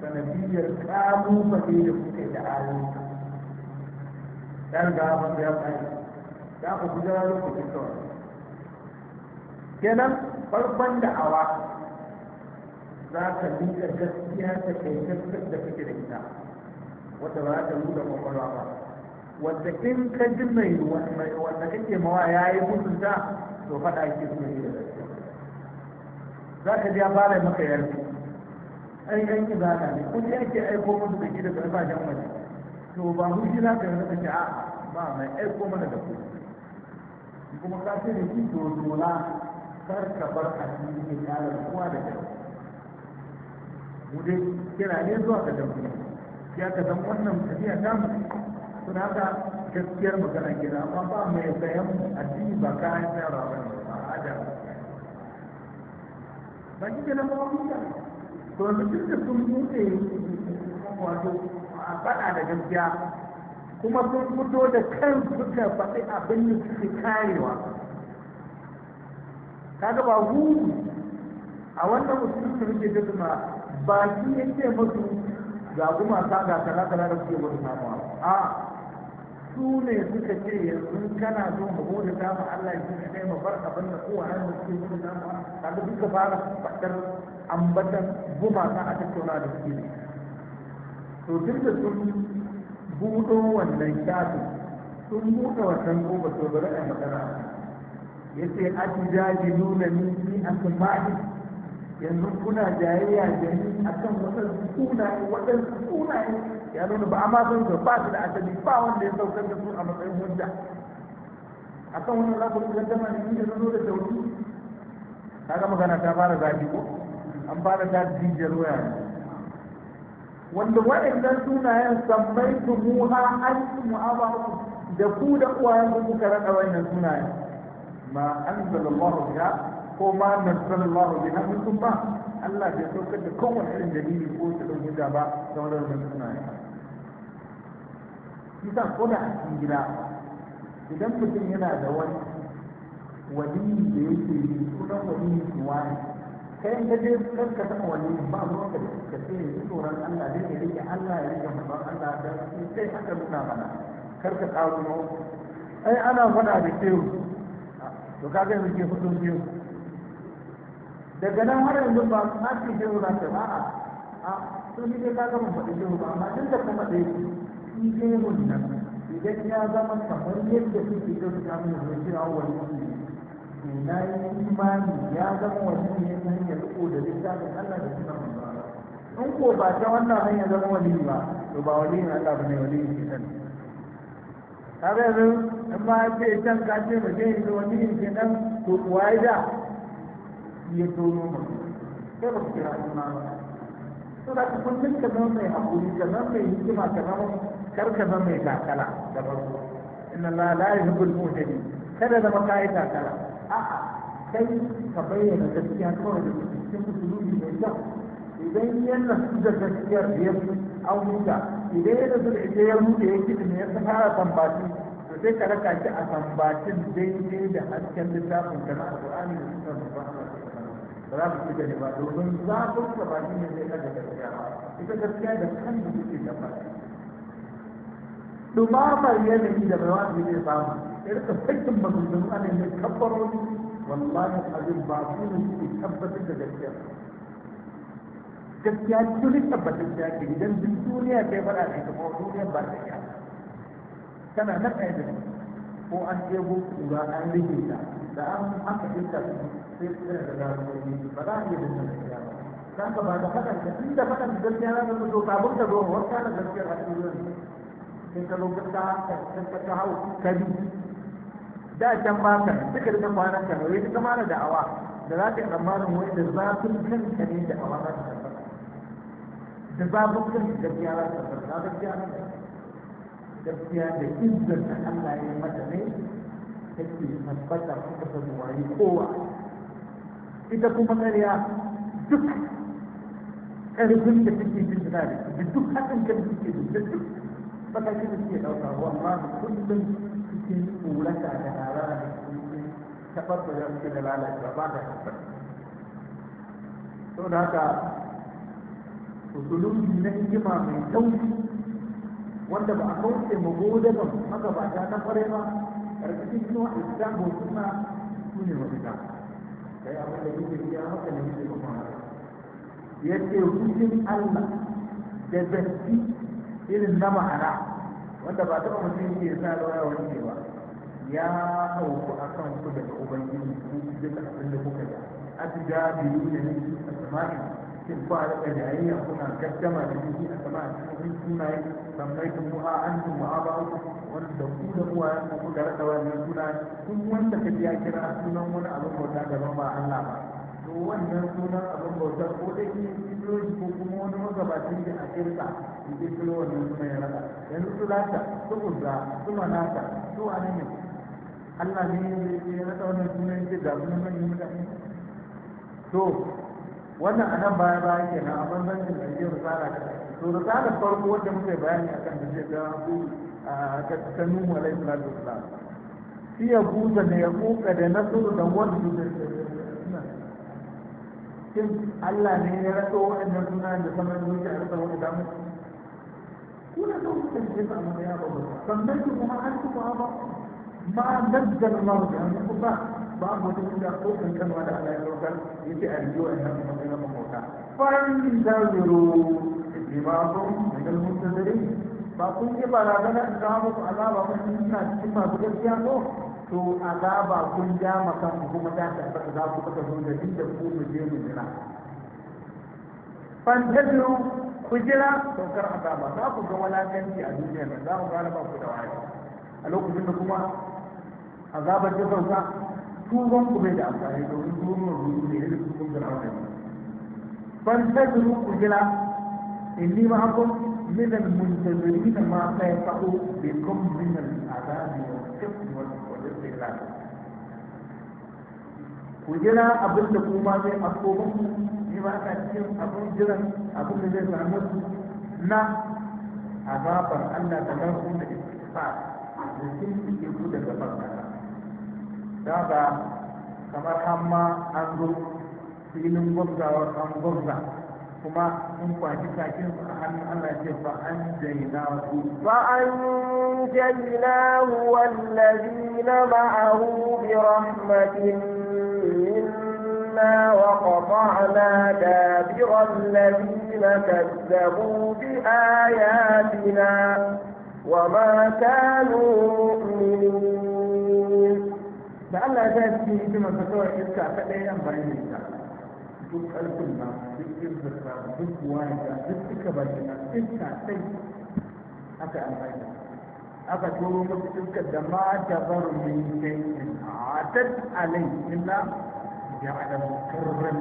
Speaker 1: sanadiyar kalubale da kuke da ayo ɗan ga wanda ya tsaye za ku gudanar lokacin kawai kenan farkon awa za ka nika gaskiya ta kai gaskar da kake da ita wata ba za ta nuna kwakwalwa ba wadda in ka ji mai wanda kake mawa ya yi mutunta to faɗa ake yi da za ka ji ya fara maka yarfi ai an yi zaka ne kun yake aiko musu da gida da ƙasashen waje to ba mu shi za ka yi zaka ce a ba mai aiko mana da ku kuma ka ce da shi dola kar ka bar a cikin yaran kuwa da kai mu dai kira ne zuwa ga jamhuriya ya ka zan wannan tafiya ta mutu. suna haka gaskiyar magana gida amma ba mai sayan addini ba kayan sayarwa ba ne ba a ada ba ki gina ba kuka to yanzu duk da sun buɗe wato a faɗa da gaskiya kuma sun fito da kan suka faɗi abin da suke karewa kaga ba hudu a wannan musulun da muke jazuma ba shi yake musu ga kuma ta ga kala kala da suke musu samuwa a su ne suka ce yanzu kana zo mu gode ta mu Allah ya ne kai mu bar abin da kowa ya mu ce gode ta mu kaga duka fara fatar ambatan gumaka a tattauna da shi ne to duk da sun buɗo wannan shafi sun buɗe wannan goma to bari a magana yace atijaji nuna ni ni asma'i yanzu kuna jayayya da ni akan wannan sunaye wannan sunaye ya nuna ba a ma san su ba su da asali ba wanda ya saukar da su a matsayin hujja a kan wani za ku yi zama ne inda ya zo da ta kaga magana ta fara zafi ko an fara ta dijiyar waya ne wanda waɗannan sunayen sammai su muha an su mu'aba da ku da uwayen ku kuka raɗa wannan sunayen ma an zala Allah ya ko ma nazzala ya biha min ba Allah bai saukar da kowane irin dalili ko su ɗauki hujja ba wani rarrabar suna ne Kisan ko da a cikin gida idan mutum yana da wani waliyi da yake yi sunan waliyi kuwa ne kai in gaje kan ka taɓa wani ba ruwan ka ka ce ne tsoron Allah dai ya rike Allah ya rike mutum Allah da sai haka nuna mana kar ka kawo ai ana faɗa da kewu to kaga yanzu ke fito biyu daga nan har yanzu ba ma ce shehu za ta ba a to ni dai ka gama faɗi shehu ba amma tun da kuma ɗaya shi shehun nan idan ya zama kamar yadda suke da su ta mun da cewa wani mutum na yi imani ya zama wani ne ta hanyar riko da littafin Allah da suna manzara in ko ba ta wannan hanyar zama wani ba to ba wani ne Allah ba ne wani ne ke sani kaga yanzu in ma ce can ka ce ba zai yi wani ne ke nan ko kuwa ya ya tono mu sai ba su kira suna ba to da kun san ka zama mai hakuri ka zama mai hikima ka zama kar ka zama mai takala da farko inna la la yuhibbul muhtadin kada zama kai takala a'a kai ka bayyana gaskiya kawai da cikin musulmi mai kyau idan yana su da gaskiyar da ya fi aunika idan yana su da ita ya rude ya kiɗi ne ya fi fara sambaci to sai ka raka shi a sambacin daidai da hasken littafin ka na alƙur'ani da suka zuba ba za mu fita ne ba domin zafin ka ba shi ne zai ɗaga gaskiya ba ita gaskiya da kan da suke tabbata dumamar yanayi da mai wani zai samu ya rika sakin maganganu ana yin kabbaroni wallahi abin ba su ne suke tabbatar da gaskiya gaskiya tuni tabbatar da yake idan duk duniya ta yi faɗa ne kuma duniya ba ta yi tana na ƙayyade ko an ɗebo kura an rike ta da an haka dinka sai suna da biyu ba za a iya dinka da kiyama dan ka ba da fadan da inda fadan da gaskiya za ka fito kafin ka zo wata na gaskiya a cikin ne, sai ka lokacin ka ta hau kari da can ba ka duka da kwanan ka wai duka da da'awa da za ka yi tsammanin wani da zafin kanka ne da'awa za ka da zafin da gaskiya za ka tabbata gaskiya ne gaskiya da izzar da Allah ya yi mata ne take tabbata kuka san buwari kowa ita kuma kariya duk ƙarfin da take jin dare da duk hakan da take jin da duk matakin da amma kullum da harara da suke tabbatar da da lalacewa ba da haka na hikima mai taushi wanda ba a kauce magodaban haka ba ta ta kware ba ƙarƙashin kuma islam ko su ne mafita kai abin da yake biya maka ne yake kuma ya ce allah da zaki irin na ma'ana wanda ba taɓa mutum ke sa laura wani ba ya hauku a kan ku daga ubangiji ku duka abin da kuka da أتجابلون من السماء تبقى لك جاهية هنا كالسماء التي أسماء فيما سميتموها أنتم وآباؤكم wanda ku da uwayen ku kuka rasa wannan suna duk wanda ka ya kira sunan wani abin bauta daban ba Allah ba to wannan sunan abin bauta ko dai ki kiro shi ko kuma wani magabacin da a kirka ki kiro wannan sunan ya rasa yanzu su lata su gudda su manata su anani Allah ne ya rasa wannan sunan ya ga sunan yi mutane to wannan anan baya baya kenan a banzan da ke tsara ka to da farko wanda muke bayani akan da ce ta nuhu alaihi salatu wasalam shi ya buza da ya kuka da nasuru da wanda shin Allah ne ya rato waɗannan suna da saman zuci a rasa wani damu kuna son ku kasance su a matsaya ba sannan ku kuma har ku ba ba ma nazzal ma da an ku ba ba mu da kuma ko kan kanwa da Allah ya raukar yace a riyo a nan matsaya ba mota
Speaker 2: farin da zuru ribakum minal muntadirin ba kun yi ba barazana ta muku azaba kun yi suna cikin masu gaskiya ko to
Speaker 1: azaba kun ja makan kuma ta tabbata za ku kuka zo da inda ku mu je mu jira fantadlu ku jira saukar azaba za ku ga walakanci a duniyar nan za ku gane ba ku da wani a lokacin da kuma azabar ta sauka tuban ku bai da amfani domin duniyar ne da su kun jira ta fantadlu ku jira إني معكم من المنتظرين ما سيقعوا بكم من العذاب والسجن والاستغلال ku jira abin da kuma zai afko muku ni ba ka cikin abin jiran abin da zai samu na azabar Allah ta garku da istighfar da sun cike ku da gaban Allah da ba kamar hamma an zo filin gwamzawar an gwamza kuma in kwaci kakin su a hannun Allah ce fa an jaina
Speaker 2: ku fa an jaina hu wallazina ma'ahu bi rahmatin minna wa qata'na dabira allazina kazzabu bi ayatina wa ma kanu mu'minin da Allah ya ce hikimar ta kawai iska kadai amfani da ita duk ƙarfin
Speaker 1: ba duk irin ba duk wani ba duk duka ba ne na iska sai aka amfani aka turo musu iskar da ma ta bar min shay'in atat alai illa ya'lam karran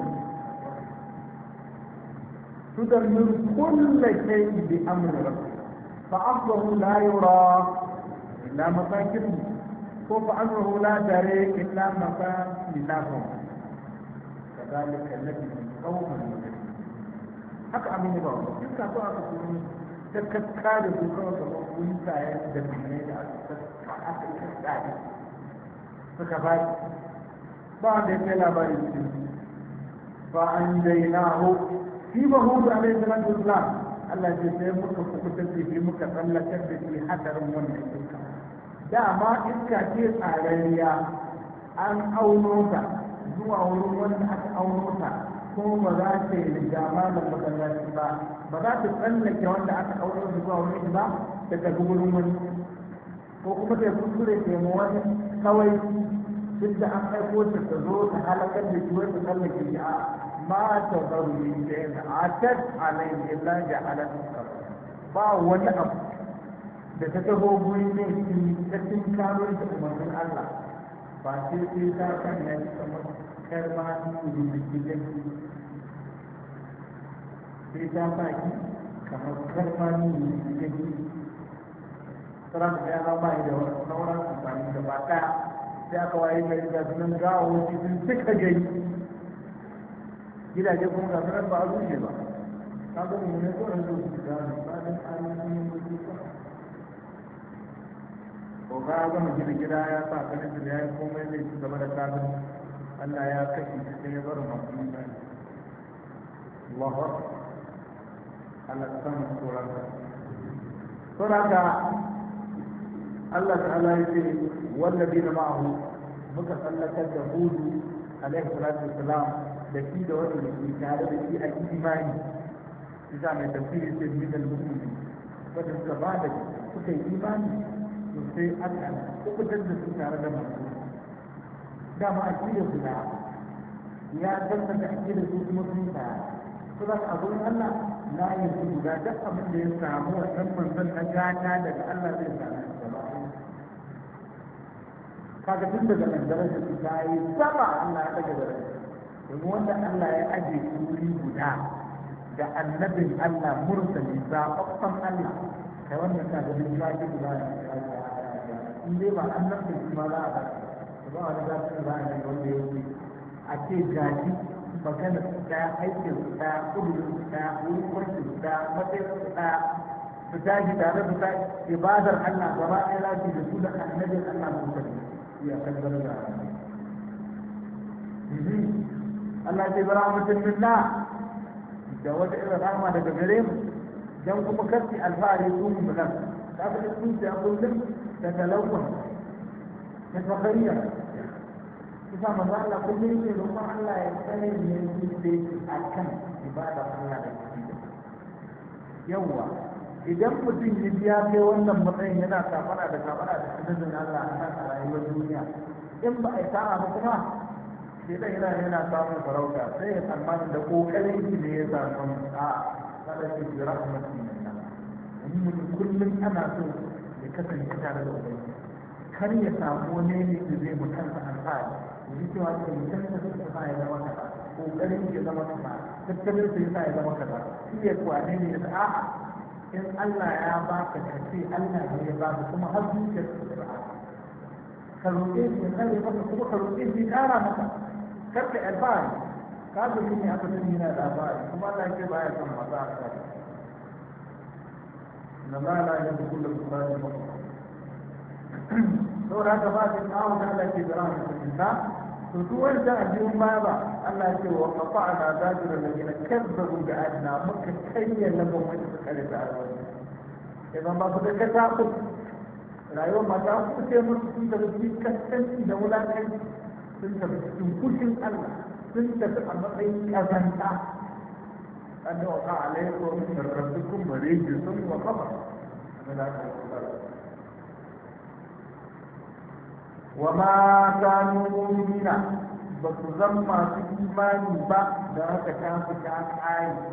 Speaker 1: تدمر كل شيء بأمر ربك فأصله لا يرى إلا مساكنه وفأمره لا تري إلا مساكنهم zalika nabi qauman haka abin da ba duk ka a ka kuma da kakka da su kawai ga wani tsaye da bane da aka tsare suka ba ba da yake labarin su ba an dainahu shi ba hu da alaihi salatu wassalam Allah ya sai muka kuka tafi muka tsallakar da shi hadarin wannan iska dama iska ce tsarariya an auno ta zuwa wurin wanda aka auro ta ko ba za ta yi lijama da masallaci ba ba za ta tsallake wanda aka auro ta zuwa wurin ba ta tafi wurin wani ko kuma ta kuskure ta yi wani kawai duk da an aiko ta ta zo ta halakar da shi wata tsallake shi a ma ta zaru yi ta yi a tat alayhi illa ja halakar ba wani abu da ta taho guri ne ta cikin karo da umarnin Allah ba sai sai ta kan ya yi kamar karma ne da ke gani sai ta sa ki kamar karma ne da ke gani sauran da ya ba da sauran amfani da ba sai aka waye mai ga sunan gawo cikin duka gari gidaje kuma ga sunan ba a zuce ba ka ga mu ne ko an su gano ba to ka gama gina gida ya sa kanin da ya yi komai zai ci gaba da kafin Allah ya kashe shi sai ya bar masu mutane Allahu Allah ta samu tsoron ka tsoron Allah ta'ala ya ce wallabi na ma'ahu muka tsallakar da hudu alaihi salatu wasalam da shi da wani da ke tare da shi a imani isa mai tafsiri ce min al-mu'minin wanda suka ba da suka yi imani to sai aka kubutar da su tare da masu dama a kiyar guda ya danta da ake da su kuma sun ta su za a gurin Allah na yi su guda duk abin da ya samu wa ɗan manzon na gata daga Allah zai sami kaga tun daga nan daraja su ta yi sama Allah ya ɗaga daraja domin wanda Allah ya aje wuri guda da annabin Allah mursali zaɓaɓɓen Allah kai wannan kaga duk ya ji guda ya in dai ba an nan bai ma za a ba ba wani za su ba ne wanda ya wuce a ce gaji magana su ɗaya aikin su ɗaya kudurin su ɗaya wurin kwarkin su ɗaya matsayin su ɗaya su tashi tare su ta ibadar Allah gaba ɗaya za su da su da annabin Allah su tafi iya kan daraja Allah ce bara mutum minna da wata irin rahama daga gare mu dan kuma kasi alfahari su mu nan ta fi sun ce kullum تتلون تتغير إذا ما ظل كل شيء لما الله يستلم من البيت أكم عبادة الله يوم idan mutum ya kai wannan matsayin yana kafara da kafara da sanadin Allah a kan rayuwar duniya in ba a yi sa'a ba kuma sai dai yana yana samun farauta sai ya tsammanin da kokarin shi ne ya samu a kada rahmatin Allah Mun kullum ana so kasance tare da ubangiji kar ya samu wani ne da zai mutunta alfahari yi cewa ke mutunta su ta sa ya zama kaza kokarin ya zama kaza tattalin su ya sa ya zama kaza shi ya kwane ne da a'a in Allah ya ba ka kace Allah ne ya baka kuma har zuciyar su da sa'a ka roƙe shi ya kare maka kuma ka roƙe shi ya ƙara maka kar ka alfahari ka zo shi ne aka tuni yana da alfahari kuma Allah ya ce ba ya san maza a da ma la ya fi kullum su bayan ba saboda haka ba ta kawo da Allah ke zara masa cuta to duk wanda a biyun baya ba Allah ya ce wa qata'na zajira alladhina kazzabu bi ayatina muka kayyana ban wanda suka da ayoyi idan ba su da kata ku rayuwar mata ku ce musu sun da su kasance da wulakanci sun tafi cikin kushin Allah sun tafi a matsayin kazanta قد وقع عليكم من ربكم رجس وخبر وما كانوا مؤمنين بس زما في imani ba da haka ta fita ƙari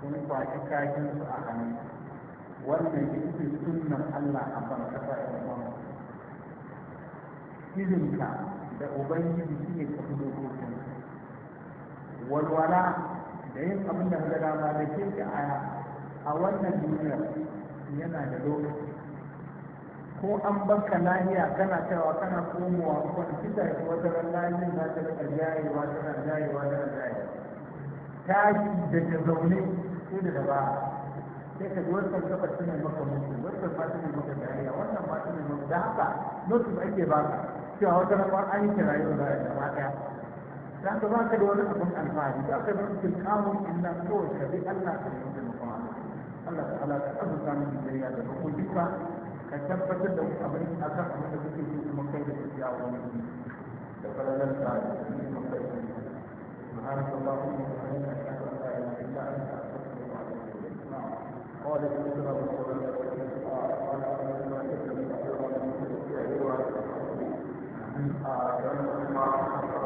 Speaker 1: sun kwaci kakin su a hannu wannan ita sunnan Allah a ban kasa da wani izinka da ubangiji shi ne ka dokokin walwala da yin abin da ga ba da ke aya, a wannan duniyar yana da lokaci ko an baka lahiya kana cewa kana komowa kwanci da wata ran lahiyar za ta rika jayewa tana jayewa tana jayewa tashi da ta zaune ko da ba sai ka zuwa wannan gaba tana maka mutu wannan ba tana maka jayewa wannan ba tana maka da haka lokacin ake ba cewa wata ran an yi yau da ya kamata كان ذا قد ولدكم انفاري ذا قد الكون ان نقول في الله في القران الله تعالى قد كان من بريات الرقم بك كتبت لو امرك اكثر من ذلك في المكتبه في الجاوه والمدينه فقال لنا تعالى سبحانك اللهم وبحمدك اشهد ان لا اله الا انت استغفرك واتوب اليك نعم. قال ابن القيم رحمه الله تعالى وعلى ان الله يكرم الله ويكرم الله ويكرم آه، الله ويكرم